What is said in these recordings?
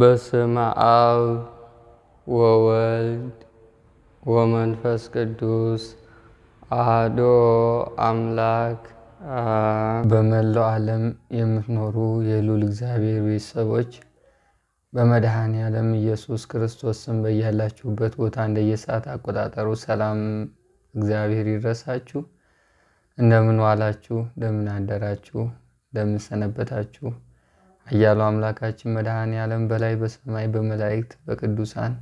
በስመ አብ ወወልድ ወመንፈስ ቅዱስ አሐዱ አምላክ። በመላው ዓለም የምትኖሩ የሉል እግዚአብሔር ቤተሰቦች በመድኃኔ ዓለም ኢየሱስ ክርስቶስ ስም በያላችሁበት ቦታ እንደየሰዓት አቆጣጠሩ ሰላም እግዚአብሔር ይድረሳችሁ። እንደምን ዋላችሁ? እንደምን አደራችሁ? እንደምን ሰነበታችሁ? ኃያሉ አምላካችን መድኃኔ ዓለም በላይ በሰማይ በመላእክት በቅዱሳን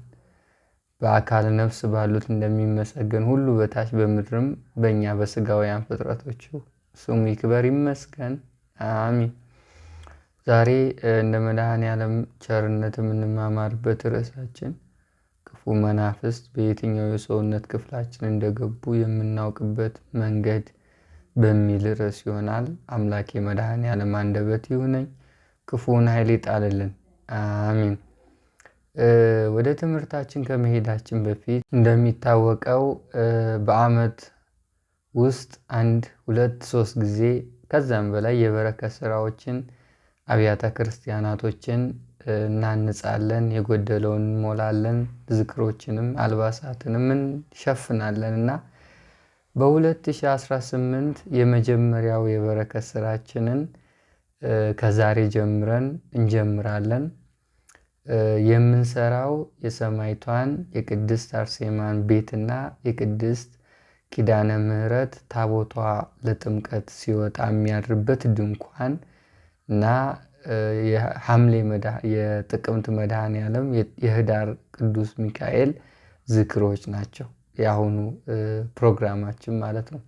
በአካል ነፍስ ባሉት እንደሚመሰገን ሁሉ በታች በምድርም በእኛ በስጋውያን ፍጥረቶቹ ስሙ ይክበር ይመስገን፣ አሚን። ዛሬ እንደ መድኃኔ ዓለም ቸርነት የምንማማርበት ርዕሳችን ክፉ መናፍስት በየትኛው የሰውነት ክፍላችን እንደገቡ የምናውቅበት መንገድ በሚል ርዕስ ይሆናል። አምላኬ መድኃኔ ዓለም አንደበት ይሁነኝ። ክፉውን ኃይል ይጣልልን። አሚን። ወደ ትምህርታችን ከመሄዳችን በፊት እንደሚታወቀው በዓመት ውስጥ አንድ ሁለት ሶስት ጊዜ ከዛም በላይ የበረከት ስራዎችን አብያተ ክርስቲያናቶችን እናንጻለን፣ የጎደለውን እንሞላለን፣ ዝክሮችንም አልባሳትንም እንሸፍናለን እና በ2018 የመጀመሪያው የበረከት ስራችንን ከዛሬ ጀምረን እንጀምራለን። የምንሰራው የሰማይቷን የቅድስት አርሴማን ቤትና የቅድስት ኪዳነ ምሕረት ታቦቷ ለጥምቀት ሲወጣ የሚያድርበት ድንኳን እና የሐምሌ የጥቅምት መድኃኔ ዓለም የህዳር ቅዱስ ሚካኤል ዝክሮች ናቸው። የአሁኑ ፕሮግራማችን ማለት ነው።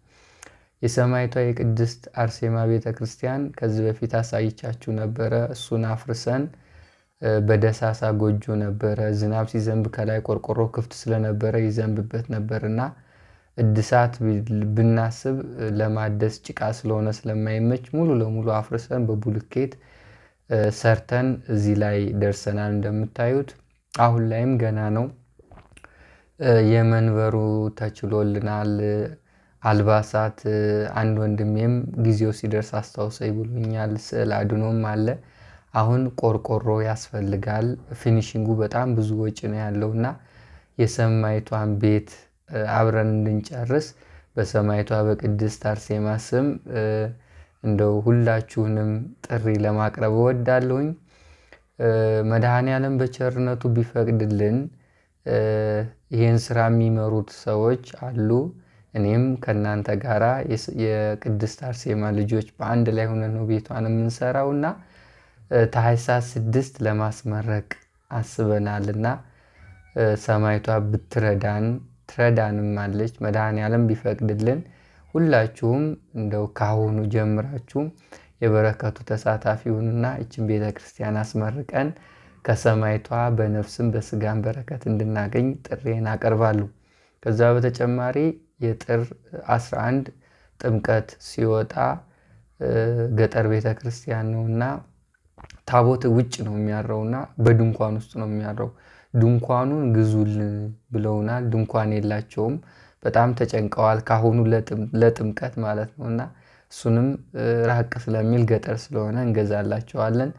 የሰማይቷ የቅድስት አርሴማ ቤተ ክርስቲያን ከዚህ በፊት አሳይቻችሁ ነበረ። እሱን አፍርሰን በደሳሳ ጎጆ ነበረ። ዝናብ ሲዘንብ ከላይ ቆርቆሮ ክፍት ስለነበረ ይዘንብበት ነበርና እድሳት ብናስብ ለማደስ ጭቃ ስለሆነ ስለማይመች ሙሉ ለሙሉ አፍርሰን በቡልኬት ሰርተን እዚህ ላይ ደርሰናል። እንደምታዩት አሁን ላይም ገና ነው። የመንበሩ ተችሎልናል። አልባሳት አንድ ወንድሜም ጊዜው ሲደርስ አስታውሰኝ ብሎኛል። ስዕል አድኖም አለ። አሁን ቆርቆሮ ያስፈልጋል ፊኒሽንጉ በጣም ብዙ ወጪ ነው ያለው እና የሰማይቷን ቤት አብረን እንድንጨርስ በሰማይቷ በቅድስት አርሴማ ስም እንደው ሁላችሁንም ጥሪ ለማቅረብ እወዳለሁኝ። መድኃኔዓለም በቸርነቱ ቢፈቅድልን ይህን ስራ የሚመሩት ሰዎች አሉ። እኔም ከእናንተ ጋራ የቅድስት አርሴማ ልጆች በአንድ ላይ ሆነን ነው ቤቷን የምንሰራውና ታኅሳስ ስድስት ለማስመረቅ አስበናልና ሰማይቷ ብትረዳን ትረዳንም አለች። መድኃኔዓለም ቢፈቅድልን ሁላችሁም እንደው ካሁኑ ጀምራችሁም የበረከቱ ተሳታፊውንና ይችን ቤተ ክርስቲያን አስመርቀን ከሰማይቷ በነፍስም በስጋም በረከት እንድናገኝ ጥሬን አቀርባሉ። ከዛ በተጨማሪ የጥር 11 ጥምቀት ሲወጣ ገጠር ቤተ ክርስቲያን እና ታቦት ውጭ ነው እና በድንኳን ውስጥ ነው የሚያረው። ድንኳኑን ግዙልን ብለውናል። ድንኳን የላቸውም። በጣም ተጨንቀዋል። ካሁኑ ለጥምቀት ማለት ነው እና እሱንም ራቅ ስለሚል ገጠር ስለሆነ እንገዛላቸዋለን።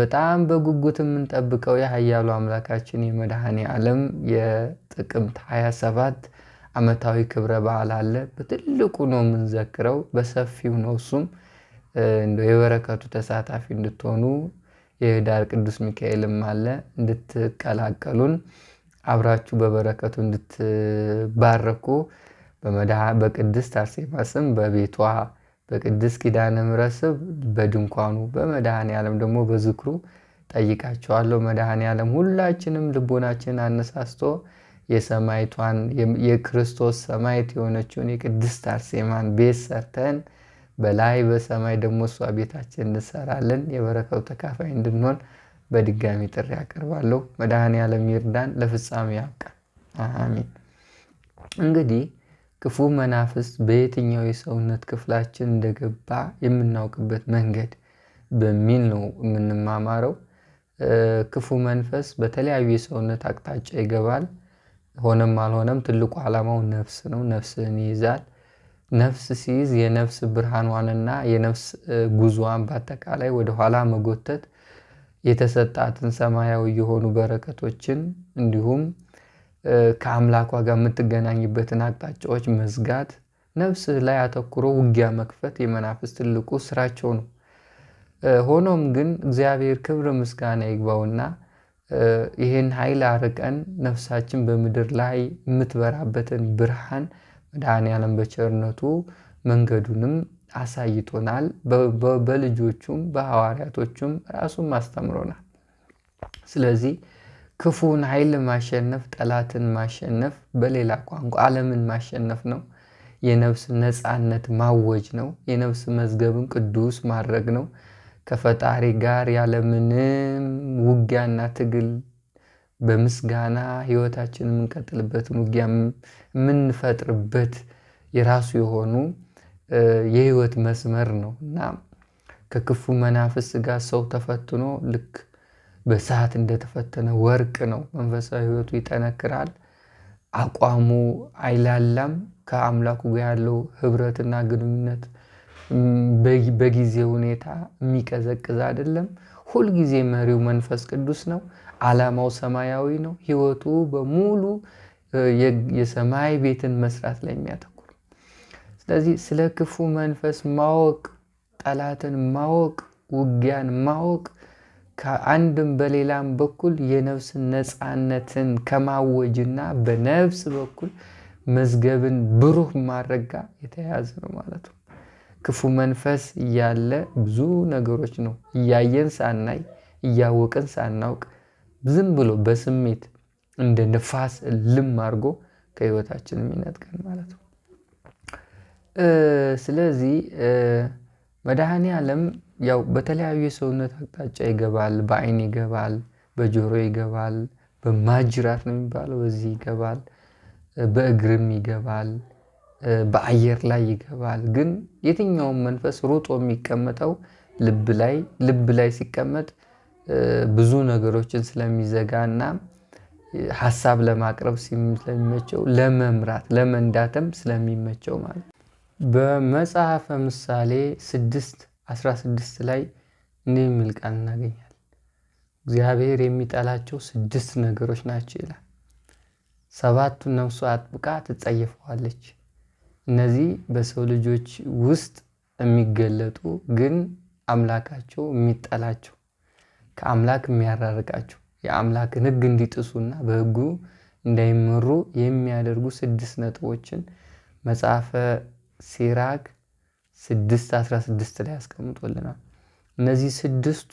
በጣም በጉጉት የምንጠብቀው የኃያሉ አምላካችን የመድኃኔ ዓለም የጥቅምት 27 አመታዊ ክብረ በዓል አለ። በትልቁ ነው የምንዘክረው በሰፊው ነው። እሱም እንደ የበረከቱ ተሳታፊ እንድትሆኑ የህዳር ቅዱስ ሚካኤልም አለ እንድትቀላቀሉን አብራችሁ በበረከቱ እንድትባረኩ በቅድስት አርሴማ ስም በቤቷ በቅድስት ኪዳነ ምሕረት ስም በድንኳኑ በመድኃኔ ዓለም ደግሞ በዝክሩ ጠይቃቸዋለሁ። መድኃኔ ዓለም ሁላችንም ልቦናችንን አነሳስቶ የሰማይቷን የክርስቶስ ሰማይት የሆነችውን የቅድስት አርሴማን ቤት ሰርተን በላይ በሰማይ ደግሞ እሷ ቤታችን እንሰራለን። የበረከቱ ተካፋይ እንድንሆን በድጋሚ ጥሪ ያቀርባለሁ። መድሃን ዓለም ይርዳን፣ ለፍጻሜ ያብቃን። አሚን። እንግዲህ ክፉ መናፍስት በየትኛው የሰውነት ክፍላችን እንደገባ የምናውቅበት መንገድ በሚል ነው የምንማማረው። ክፉ መንፈስ በተለያዩ የሰውነት አቅጣጫ ይገባል። ሆነም አልሆነም ትልቁ ዓላማው ነፍስ ነው። ነፍስን ይይዛል። ነፍስ ሲይዝ የነፍስ ብርሃኗንና የነፍስ ጉዞዋን በአጠቃላይ ወደኋላ መጎተት የተሰጣትን ሰማያዊ የሆኑ በረከቶችን እንዲሁም ከአምላኳ ጋር የምትገናኝበትን አቅጣጫዎች መዝጋት፣ ነፍስ ላይ አተኩሮ ውጊያ መክፈት የመናፍስ ትልቁ ስራቸው ነው። ሆኖም ግን እግዚአብሔር ክብር ምስጋና ይግባውና ይሄን ኃይል አርቀን ነፍሳችን በምድር ላይ የምትበራበትን ብርሃን መድኃኔዓለም በቸርነቱ መንገዱንም አሳይቶናል። በልጆቹም በሐዋርያቶቹም ራሱም አስተምሮናል። ስለዚህ ክፉን ኃይል ማሸነፍ፣ ጠላትን ማሸነፍ፣ በሌላ ቋንቋ ዓለምን ማሸነፍ ነው። የነፍስ ነፃነት ማወጅ ነው። የነፍስ መዝገብን ቅዱስ ማድረግ ነው። ከፈጣሪ ጋር ያለምንም ውጊያና ትግል በምስጋና ህይወታችን የምንቀጥልበትን ውጊያ የምንፈጥርበት የራሱ የሆኑ የህይወት መስመር ነው እና ከክፉ መናፍስ ጋር ሰው ተፈትኖ ልክ በሰዓት እንደተፈተነ ወርቅ ነው። መንፈሳዊ ህይወቱ ይጠነክራል፣ አቋሙ አይላላም። ከአምላኩ ጋር ያለው ህብረትና ግንኙነት በጊዜ ሁኔታ የሚቀዘቅዝ አይደለም። ሁልጊዜ መሪው መንፈስ ቅዱስ ነው። ዓላማው ሰማያዊ ነው። ህይወቱ በሙሉ የሰማይ ቤትን መስራት ላይ የሚያተኩር ስለዚህ ስለ ክፉ መንፈስ ማወቅ፣ ጠላትን ማወቅ፣ ውጊያን ማወቅ ከአንድም በሌላም በኩል የነፍስን ነፃነትን ከማወጅና በነፍስ በኩል መዝገብን ብሩህ ማድረግ ጋር የተያያዘ ነው ማለት ነው። ክፉ መንፈስ ያለ ብዙ ነገሮች ነው። እያየን ሳናይ፣ እያወቅን ሳናውቅ ዝም ብሎ በስሜት እንደ ንፋስ ልም አድርጎ ከህይወታችን የሚነጥቀን ማለት ነው። ስለዚህ መድኃኔ ዓለም ያው በተለያዩ የሰውነት አቅጣጫ ይገባል። በአይን ይገባል፣ በጆሮ ይገባል፣ በማጅራት ነው የሚባለው በዚህ ይገባል፣ በእግርም ይገባል። በአየር ላይ ይገባል። ግን የትኛውም መንፈስ ሮጦ የሚቀመጠው ልብ ላይ ልብ ላይ ሲቀመጥ ብዙ ነገሮችን ስለሚዘጋ እና ሀሳብ ለማቅረብ ስለሚመቸው ለመምራት ለመንዳትም ስለሚመቸው ማለት በመጽሐፈ ምሳሌ 6 16 ላይ እንዲህ የሚል ቃል እግዚአብሔር የሚጠላቸው ስድስት ነገሮች ናቸው ይላል። ሰባቱን ነፍሱ አጥብቃ ትጸየፈዋለች። እነዚህ በሰው ልጆች ውስጥ የሚገለጡ ግን አምላካቸው የሚጠላቸው ከአምላክ የሚያራርቃቸው የአምላክን ሕግ እንዲጥሱና በሕጉ እንዳይመሩ የሚያደርጉ ስድስት ነጥቦችን መጽሐፈ ሲራክ 616 ላይ ያስቀምጦልናል። እነዚህ ስድስቱ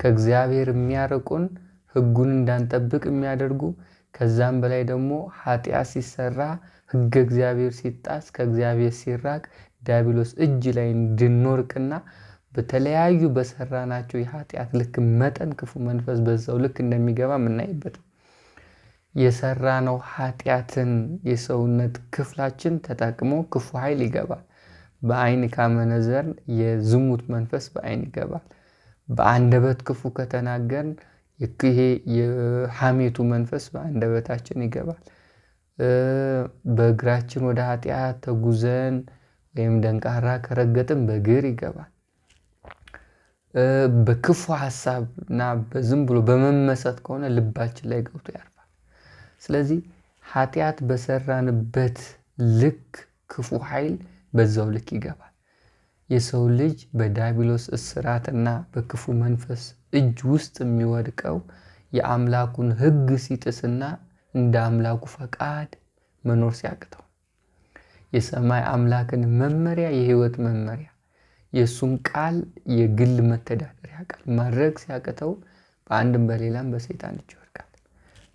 ከእግዚአብሔር የሚያርቁን ሕጉን እንዳንጠብቅ የሚያደርጉ ከዛም በላይ ደግሞ ኃጢአት ሲሰራ ሕገ እግዚአብሔር ሲጣስ ከእግዚአብሔር ሲራቅ ዲያብሎስ እጅ ላይ እንድንወርቅና በተለያዩ በሰራናቸው የኃጢአት ልክ መጠን ክፉ መንፈስ በዛው ልክ እንደሚገባ የምናይበት የሰራነው ኃጢአትን የሰውነት ክፍላችን ተጠቅሞ ክፉ ኃይል ይገባል። በአይን ካመነዘር የዝሙት መንፈስ በአይን ይገባል። በአንደበት ክፉ ከተናገርን ይሄ የሐሜቱ መንፈስ በአንደበታችን ይገባል። በእግራችን ወደ ኃጢአት ተጉዘን ወይም ደንቃራ ከረገጥን በግር ይገባል። በክፉ ሀሳብ በዝም ብሎ በመመሰጥ ከሆነ ልባችን ላይ ገብቶ ያርፋል። ስለዚህ ኃጢአት በሰራንበት ልክ ክፉ ኃይል በዛው ልክ ይገባል። የሰው ልጅ በዳቢሎስ እስራትና በክፉ መንፈስ እጅ ውስጥ የሚወድቀው የአምላኩን ሕግ ሲጥስና እንደ አምላኩ ፈቃድ መኖር ሲያቅተው የሰማይ አምላክን መመሪያ የህይወት መመሪያ የእሱን ቃል የግል መተዳደሪያ ቃል ማድረግ ሲያቅተው በአንድም በሌላም በሰይጣን እጅ ይወድቃል።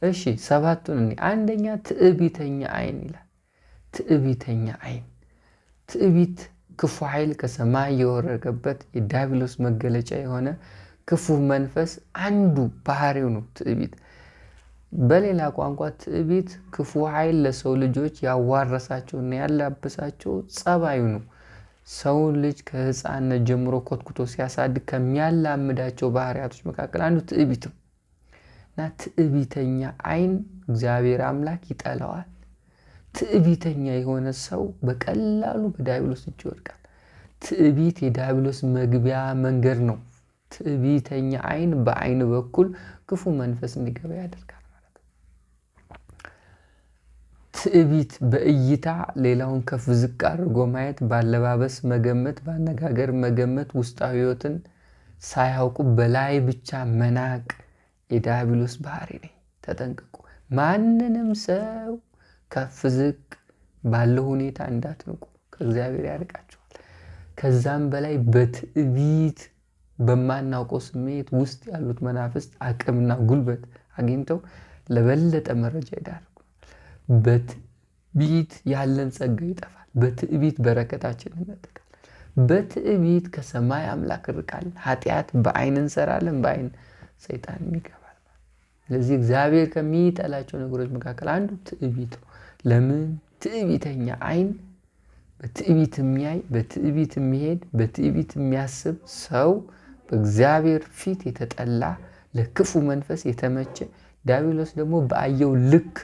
እሺ ሰባቱን እኔ አንደኛ ትዕቢተኛ አይን ይላል። ትዕቢተኛ አይን ትዕቢት ክፉ ኃይል ከሰማይ የወረገበት የዲያብሎስ መገለጫ የሆነ ክፉ መንፈስ አንዱ ባህሪው ነው ትዕቢት። በሌላ ቋንቋ ትዕቢት ክፉ ኃይል ለሰው ልጆች ያዋረሳቸውና ያላበሳቸው ጸባዩ ነው። ሰውን ልጅ ከህፃነት ጀምሮ ኮትኩቶ ሲያሳድግ ከሚያላምዳቸው ባህሪያቶች መካከል አንዱ ትዕቢት ነው እና ትዕቢተኛ ዓይን እግዚአብሔር አምላክ ይጠላዋል። ትዕቢተኛ የሆነ ሰው በቀላሉ በዳይብሎስ እጅ ይወድቃል። ትዕቢት የዳይብሎስ መግቢያ መንገድ ነው። ትዕቢተኛ ዓይን በዓይን በኩል ክፉ መንፈስ እንዲገባ ያደርጋል። ትዕቢት በእይታ ሌላውን ከፍ ዝቅ አድርጎ ማየት፣ ባለባበስ መገመት፣ በአነጋገር መገመት፣ ውስጣዊ ህይወትን ሳያውቁ በላይ ብቻ መናቅ የዲያብሎስ ባህሪ ነኝ። ተጠንቀቁ። ማንንም ሰው ከፍ ዝቅ ባለው ሁኔታ እንዳትንቁ፣ ከእግዚአብሔር ያርቃቸዋል። ከዛም በላይ በትዕቢት በማናውቀው ስሜት ውስጥ ያሉት መናፍስት አቅምና ጉልበት አግኝተው ለበለጠ መረጃ ይዳር በትዕቢት ያለን ጸጋ ይጠፋል። በትዕቢት በረከታችን ይመጥቃል። በትዕቢት ከሰማይ አምላክ ርቃለን። ኃጢአት በአይን እንሰራለን፣ በአይን ሰይጣን ይገባል። ስለዚህ እግዚአብሔር ከሚጠላቸው ነገሮች መካከል አንዱ ትዕቢት ነው። ለምን? ትዕቢተኛ አይን በትዕቢት የሚያይ በትዕቢት የሚሄድ በትዕቢት የሚያስብ ሰው በእግዚአብሔር ፊት የተጠላ ለክፉ መንፈስ የተመቸ ዲያብሎስ ደግሞ በአየው ልክ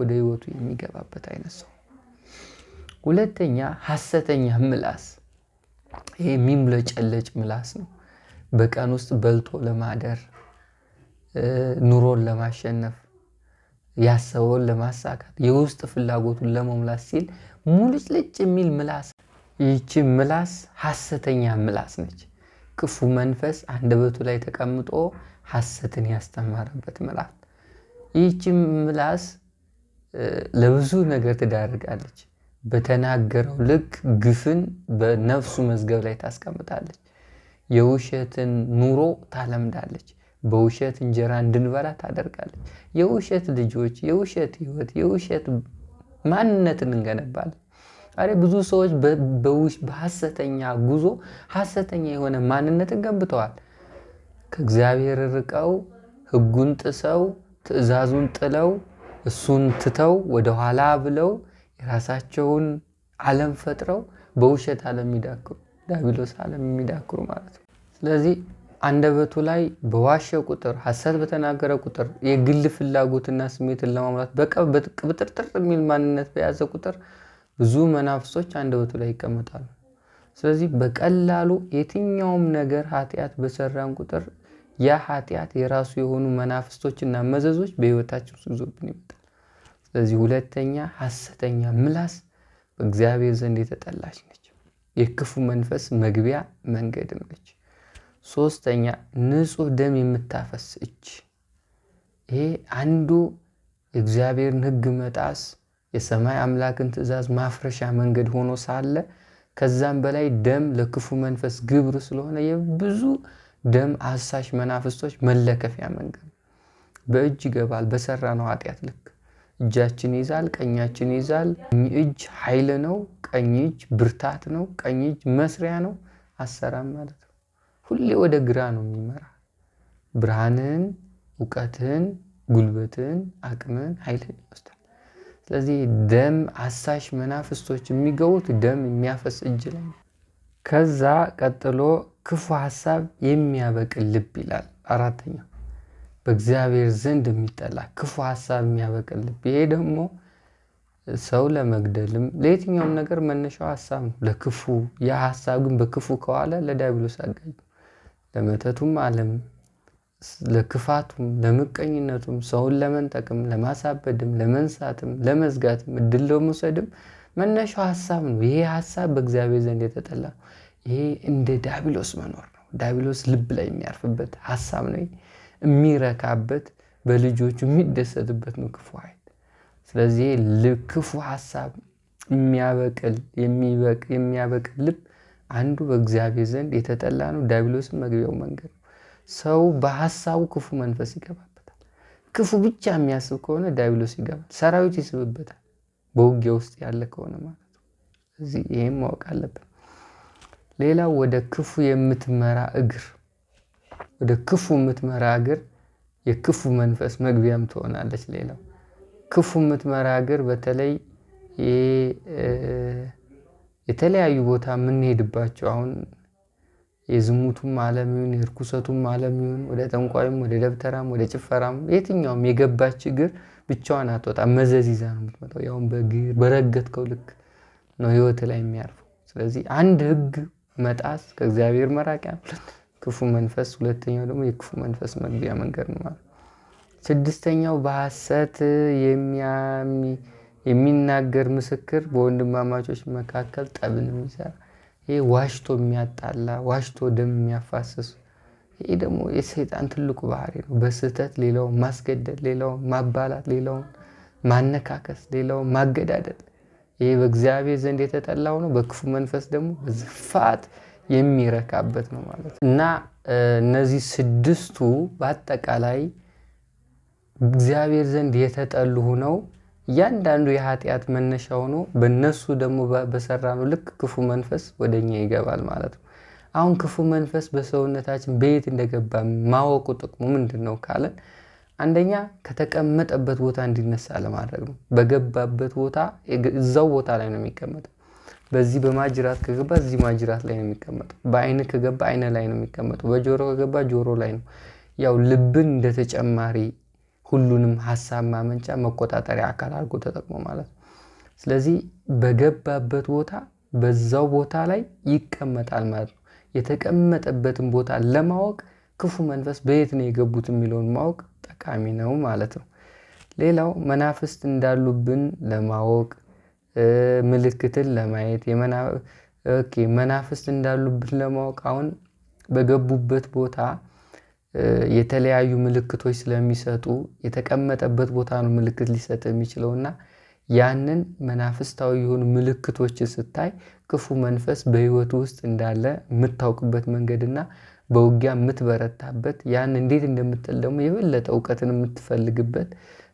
ወደ ህይወቱ የሚገባበት አይነት ሰው። ሁለተኛ ሀሰተኛ ምላስ፣ ይሄ የሚምለጨለጭ ምላስ ነው። በቀን ውስጥ በልቶ ለማደር ኑሮን ለማሸነፍ ያሰበውን ለማሳካት የውስጥ ፍላጎቱን ለመሙላት ሲል ሙልጭልጭ የሚል ምላስ። ይቺ ምላስ ሀሰተኛ ምላስ ነች። ክፉ መንፈስ አንደበቱ ላይ ተቀምጦ ሀሰትን ያስተማረበት ምላስ። ይቺ ምላስ ለብዙ ነገር ትዳርጋለች። በተናገረው ልክ ግፍን በነፍሱ መዝገብ ላይ ታስቀምጣለች። የውሸትን ኑሮ ታለምዳለች። በውሸት እንጀራ እንድንበላ ታደርጋለች። የውሸት ልጆች፣ የውሸት ህይወት፣ የውሸት ማንነትን እንገነባለን። አሬ ብዙ ሰዎች በሐሰተኛ ጉዞ ሐሰተኛ የሆነ ማንነትን ገንብተዋል። ከእግዚአብሔር ርቀው ህጉን ጥሰው ትዕዛዙን ጥለው እሱን ትተው ወደኋላ ብለው የራሳቸውን ዓለም ፈጥረው በውሸት ዓለም የሚዳክሩ ዳቢሎስ ዓለም የሚዳክሩ ማለት ነው። ስለዚህ አንደበቱ ላይ በዋሸ ቁጥር ሐሰት በተናገረ ቁጥር የግል ፍላጎትና ስሜትን ለማሟላት በቅብጥርጥር የሚል ማንነት በያዘ ቁጥር ብዙ መናፍሶች አንደበቱ ላይ ይቀመጣሉ። ስለዚህ በቀላሉ የትኛውም ነገር ኃጢአት በሰራን ቁጥር ያ ኃጢአት የራሱ የሆኑ መናፍስቶችና መዘዞች በህይወታችን ውስጥ ይዞብን ስለዚህ ሁለተኛ ሐሰተኛ ምላስ በእግዚአብሔር ዘንድ የተጠላች ነች፣ የክፉ መንፈስ መግቢያ መንገድም ነች። ሶስተኛ ንጹህ ደም የምታፈስ እጅ። ይሄ አንዱ የእግዚአብሔርን ሕግ መጣስ የሰማይ አምላክን ትእዛዝ ማፍረሻ መንገድ ሆኖ ሳለ ከዛም በላይ ደም ለክፉ መንፈስ ግብር ስለሆነ የብዙ ደም አሳሽ መናፍስቶች መለከፊያ መንገድ በእጅ ይገባል በሰራ ነው ኃጢአት ልክ እጃችን ይዛል፣ ቀኛችን ይዛል። ቀኝ እጅ ኃይል ነው። ቀኝ እጅ ብርታት ነው። ቀኝ እጅ መስሪያ ነው፣ አሰራም ማለት ነው። ሁሌ ወደ ግራ ነው የሚመራ። ብርሃንን፣ እውቀትን፣ ጉልበትን፣ አቅምን፣ ኃይልን ይወስዳል። ስለዚህ ደም አሳሽ መናፍስቶች የሚገቡት ደም የሚያፈስ እጅ ላይ ነው። ከዛ ቀጥሎ ክፉ ሀሳብ የሚያበቅል ልብ ይላል አራተኛው በእግዚአብሔር ዘንድ የሚጠላ ክፉ ሀሳብ የሚያበቅል ልብ። ይሄ ደግሞ ሰው ለመግደልም ለየትኛውም ነገር መነሻው ሀሳብ ነው፣ ለክፉ ያ ሀሳብ ግን በክፉ ከኋላ ለዲያብሎስ አጋዥ ለመተቱም ዓለም ለክፋቱም ለምቀኝነቱም ሰውን ለመንጠቅም ለማሳበድም ለመንሳትም ለመዝጋትም እድል ለመውሰድም መነሻው ሀሳብ ነው። ይሄ ሀሳብ በእግዚአብሔር ዘንድ የተጠላ ነው። ይሄ እንደ ዲያብሎስ መኖር ነው። ዲያብሎስ ልብ ላይ የሚያርፍበት ሀሳብ ነው። የሚረካበት በልጆቹ የሚደሰትበት ነው ክፉ ኃይል። ስለዚህ ክፉ ሀሳብ የሚያበቅል የሚያበቅል ልብ አንዱ በእግዚአብሔር ዘንድ የተጠላ ነው። ዲያብሎስም መግቢያው መንገድ ነው። ሰው በሀሳቡ ክፉ መንፈስ ይገባበታል። ክፉ ብቻ የሚያስብ ከሆነ ዲያብሎስ ይገባል፣ ሰራዊት ይስብበታል። በውጊያ ውስጥ ያለ ከሆነ ማለት ነው። ስለዚህ ይህም ማወቅ አለብን። ሌላው ወደ ክፉ የምትመራ እግር ወደ ክፉ የምትመራ የክፉ መንፈስ መግቢያም ትሆናለች። ሌላው ክፉ የምትመራ ሀገር በተለይ የተለያዩ ቦታ የምንሄድባቸው አሁን የዝሙቱም ዓለም ይሁን የርኩሰቱም ዓለም ይሁን ወደ ጠንቋይም ወደ ደብተራም ወደ ጭፈራም የትኛውም የገባች እግር ብቻዋን አትወጣም። መዘዝ ይዛ ነው የምትመጣው። ያውም በግር በረገጥከው ልክ ነው ህይወት ላይ የሚያርፈው። ስለዚህ አንድ ህግ መጣስ ከእግዚአብሔር መራቂያ ክፉ መንፈስ፣ ሁለተኛው ደግሞ የክፉ መንፈስ መግቢያ መንገድ ነው ማለት። ስድስተኛው በሐሰት የሚናገር ምስክር በወንድማማቾች መካከል ጠብን የሚሰራ ይህ ዋሽቶ የሚያጣላ ዋሽቶ ደም የሚያፋስስ ይህ ደግሞ የሰይጣን ትልቁ ባህሪ ነው። በስህተት ሌላውን ማስገደል፣ ሌላውን ማባላት፣ ሌላውን ማነካከስ፣ ሌላውን ማገዳደል ይህ በእግዚአብሔር ዘንድ የተጠላው ነው። በክፉ መንፈስ ደግሞ በዝፋት የሚረካበት ነው ማለት እና እነዚህ ስድስቱ በአጠቃላይ እግዚአብሔር ዘንድ የተጠሉ ሆነው እያንዳንዱ የኃጢአት መነሻ ሆኖ በእነሱ ደግሞ በሰራ ነው ልክ ክፉ መንፈስ ወደኛ ይገባል ማለት ነው። አሁን ክፉ መንፈስ በሰውነታችን በየት እንደገባ ማወቁ ጥቅሙ ምንድን ነው ካለን፣ አንደኛ ከተቀመጠበት ቦታ እንዲነሳ ለማድረግ ነው። በገባበት ቦታ እዛው ቦታ ላይ ነው የሚቀመጠው። በዚህ በማጅራት ከገባ እዚህ ማጅራት ላይ ነው የሚቀመጠው። በአይን ከገባ አይነ ላይ ነው የሚቀመጠው። በጆሮ ከገባ ጆሮ ላይ ነው። ያው ልብን እንደ ተጨማሪ ሁሉንም ሀሳብ ማመንጫ መቆጣጠሪያ አካል አድርጎ ተጠቅሞ ማለት ነው። ስለዚህ በገባበት ቦታ በዛው ቦታ ላይ ይቀመጣል ማለት ነው። የተቀመጠበትን ቦታ ለማወቅ ክፉ መንፈስ በየት ነው የገቡት የሚለውን ማወቅ ጠቃሚ ነው ማለት ነው። ሌላው መናፍስት እንዳሉብን ለማወቅ ምልክትን ለማየት መናፍስት እንዳሉበት ለማወቅ አሁን በገቡበት ቦታ የተለያዩ ምልክቶች ስለሚሰጡ የተቀመጠበት ቦታ ነው ምልክት ሊሰጥ የሚችለው እና ያንን መናፍስታዊ የሆኑ ምልክቶችን ስታይ ክፉ መንፈስ በህይወቱ ውስጥ እንዳለ የምታውቅበት መንገድና በውጊያ የምትበረታበት ያን እንዴት እንደምትል ደግሞ የበለጠ እውቀትን የምትፈልግበት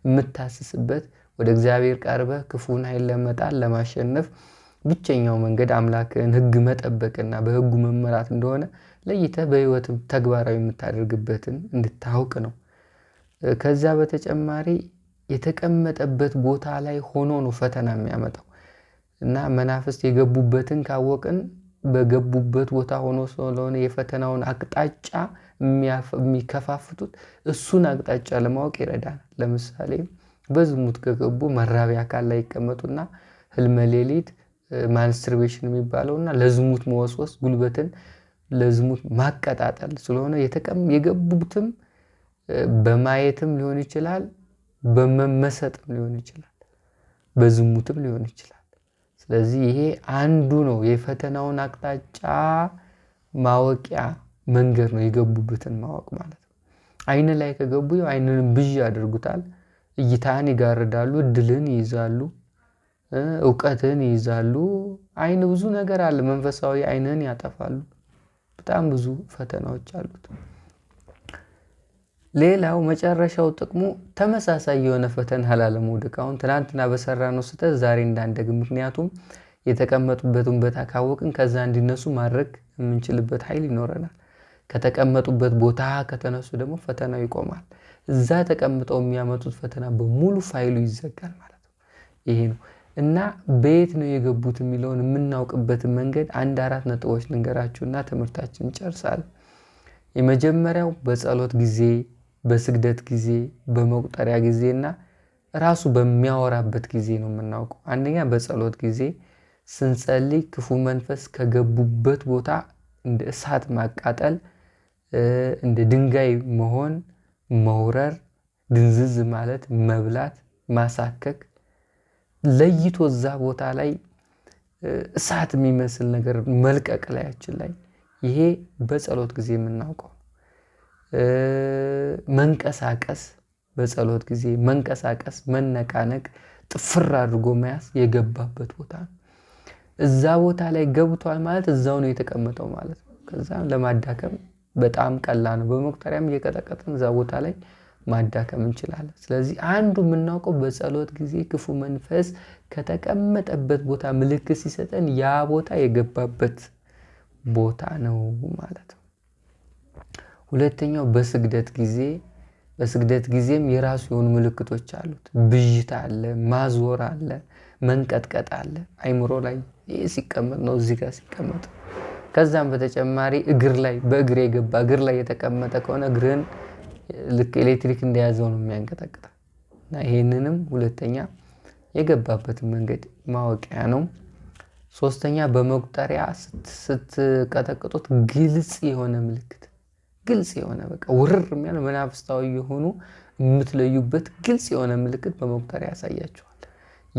የምታስስበት ወደ እግዚአብሔር ቀርበህ ክፉን ኃይል ለመጣል ለማሸነፍ ብቸኛው መንገድ አምላክን ሕግ መጠበቅና በሕጉ መመራት እንደሆነ ለይተህ በህይወት ተግባራዊ የምታደርግበትን እንድታውቅ ነው። ከዛ በተጨማሪ የተቀመጠበት ቦታ ላይ ሆኖ ነው ፈተና የሚያመጣው እና መናፍስት የገቡበትን ካወቅን በገቡበት ቦታ ሆኖ ስለሆነ የፈተናውን አቅጣጫ የሚከፋፍቱት እሱን አቅጣጫ ለማወቅ ይረዳል ለምሳሌ በዝሙት ከገቡ መራቢያ አካል ላይ ይቀመጡና ህልመ ሌሊት ማንስትርቤሽን የሚባለውና ለዝሙት መወስወስ ጉልበትን ለዝሙት ማቀጣጠል ስለሆነ የገቡትም በማየትም ሊሆን ይችላል፣ በመመሰጥም ሊሆን ይችላል፣ በዝሙትም ሊሆን ይችላል። ስለዚህ ይሄ አንዱ ነው የፈተናውን አቅጣጫ ማወቂያ መንገድ ነው፣ የገቡበትን ማወቅ ማለት ነው። አይን ላይ ከገቡ አይንን ብዥ ያደርጉታል። እይታን ይጋርዳሉ፣ እድልን ይይዛሉ፣ እውቀትን ይይዛሉ። አይን ብዙ ነገር አለ። መንፈሳዊ አይንን ያጠፋሉ። በጣም ብዙ ፈተናዎች አሉት። ሌላው መጨረሻው ጥቅሙ ተመሳሳይ የሆነ ፈተና ላለመውደቅ። አሁን ትናንትና በሰራነው ስህተት ዛሬ እንዳንደግ፣ ምክንያቱም የተቀመጡበትን ቦታ ካወቅን ከዛ እንዲነሱ ማድረግ የምንችልበት ኃይል ይኖረናል። ከተቀመጡበት ቦታ ከተነሱ ደግሞ ፈተናው ይቆማል። እዛ ተቀምጠው የሚያመጡት ፈተና በሙሉ ፋይሉ ይዘጋል ማለት ነው። ይሄ ነው እና በየት ነው የገቡት የሚለውን የምናውቅበትን መንገድ አንድ አራት ነጥቦች ልንገራችሁ እና ትምህርታችን ጨርሳል። የመጀመሪያው በጸሎት ጊዜ፣ በስግደት ጊዜ፣ በመቁጠሪያ ጊዜ እና ራሱ በሚያወራበት ጊዜ ነው የምናውቀው። አንደኛ በጸሎት ጊዜ ስንጸልይ ክፉ መንፈስ ከገቡበት ቦታ እንደ እሳት ማቃጠል እንደ ድንጋይ መሆን መውረር፣ ድንዝዝ ማለት፣ መብላት፣ ማሳከክ ለይቶ እዛ ቦታ ላይ እሳት የሚመስል ነገር መልቀቅ ላያችን ላይ ይሄ በጸሎት ጊዜ የምናውቀው መንቀሳቀስ፣ በጸሎት ጊዜ መንቀሳቀስ፣ መነቃነቅ፣ ጥፍር አድርጎ መያዝ የገባበት ቦታ ነው። እዛ ቦታ ላይ ገብቷል ማለት እዛው ነው የተቀመጠው ማለት ነው። ከዛም ለማዳከም በጣም ቀላል ነው። በመቁጠሪያም እየቀጠቀጥን እዛ ቦታ ላይ ማዳከም እንችላለን። ስለዚህ አንዱ የምናውቀው በጸሎት ጊዜ ክፉ መንፈስ ከተቀመጠበት ቦታ ምልክት ሲሰጠን ያ ቦታ የገባበት ቦታ ነው ማለት ነው። ሁለተኛው በስግደት ጊዜ በስግደት ጊዜም የራሱ የሆኑ ምልክቶች አሉት። ብዥታ አለ፣ ማዞር አለ፣ መንቀጥቀጥ አለ። አይምሮ ላይ ይህ ሲቀመጥ ነው፣ እዚህ ጋር ሲቀመጥ ከዛም በተጨማሪ እግር ላይ በእግር የገባ እግር ላይ የተቀመጠ ከሆነ እግርህን ልክ ኤሌክትሪክ እንደያዘው ነው የሚያንቀጠቅጠው እና ይህንንም ሁለተኛ የገባበትን መንገድ ማወቂያ ነው። ሶስተኛ በመቁጠሪያ ስትቀጠቅጡት ግልጽ የሆነ ምልክት ግልጽ የሆነ በቃ ውርር የሚያል መናፍስታዊ የሆኑ የምትለዩበት ግልጽ የሆነ ምልክት በመቁጠሪያ ያሳያችኋል።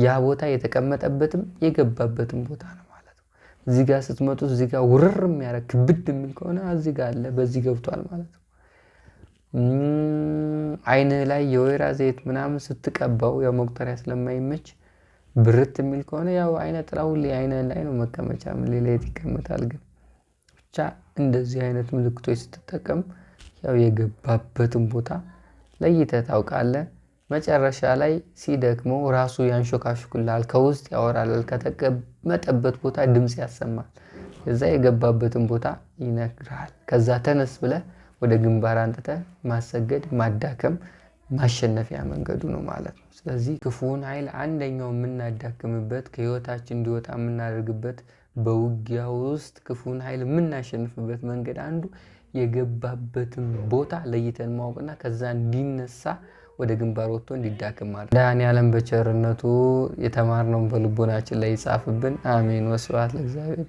ያ ቦታ የተቀመጠበትም የገባበትም ቦታ ነው። እዚህ ጋር ስትመጡ እዚህ ጋር ውርር የሚያደርግ ክብድ የሚል ከሆነ እዚህ ጋር አለ፣ በዚህ ገብቷል ማለት ነው። አይን ላይ የወይራ ዘይት ምናምን ስትቀባው ያው መቁጠሪያ ስለማይመች ብርት የሚል ከሆነ ያው አይነ ጥላ አይነ ላይ ነው መቀመጫ፣ ሌላ የት ይቀመጣል? ግን ብቻ እንደዚህ አይነት ምልክቶች ስትጠቀም ያው የገባበትን ቦታ ለይተህ ታውቃለህ። መጨረሻ ላይ ሲደክሞ ራሱ ያንሾካሹክላል፣ ከውስጥ ያወራላል፣ ከተቀመጠበት ቦታ ድምፅ ያሰማል። እዛ የገባበትን ቦታ ይነግራል ከዛ ተነስ ብለ ወደ ግንባር አንጥተ ማሰገድ ማዳከም ማሸነፊያ መንገዱ ነው ማለት ነው። ስለዚህ ክፉውን ኃይል አንደኛው የምናዳክምበት ከህይወታችን እንዲወጣ የምናደርግበት በውጊያ ውስጥ ክፉን ኃይል የምናሸንፍበት መንገድ አንዱ የገባበትን ቦታ ለይተን ማወቅና ከዛ እንዲነሳ ወደ ግንባር ወጥቶ እንዲዳክም ማለት መድኃኔዓለም በቸርነቱ የተማርነውን በልቦናችን ላይ ይጻፍብን። አሜን። ወስብሐት ለእግዚአብሔር።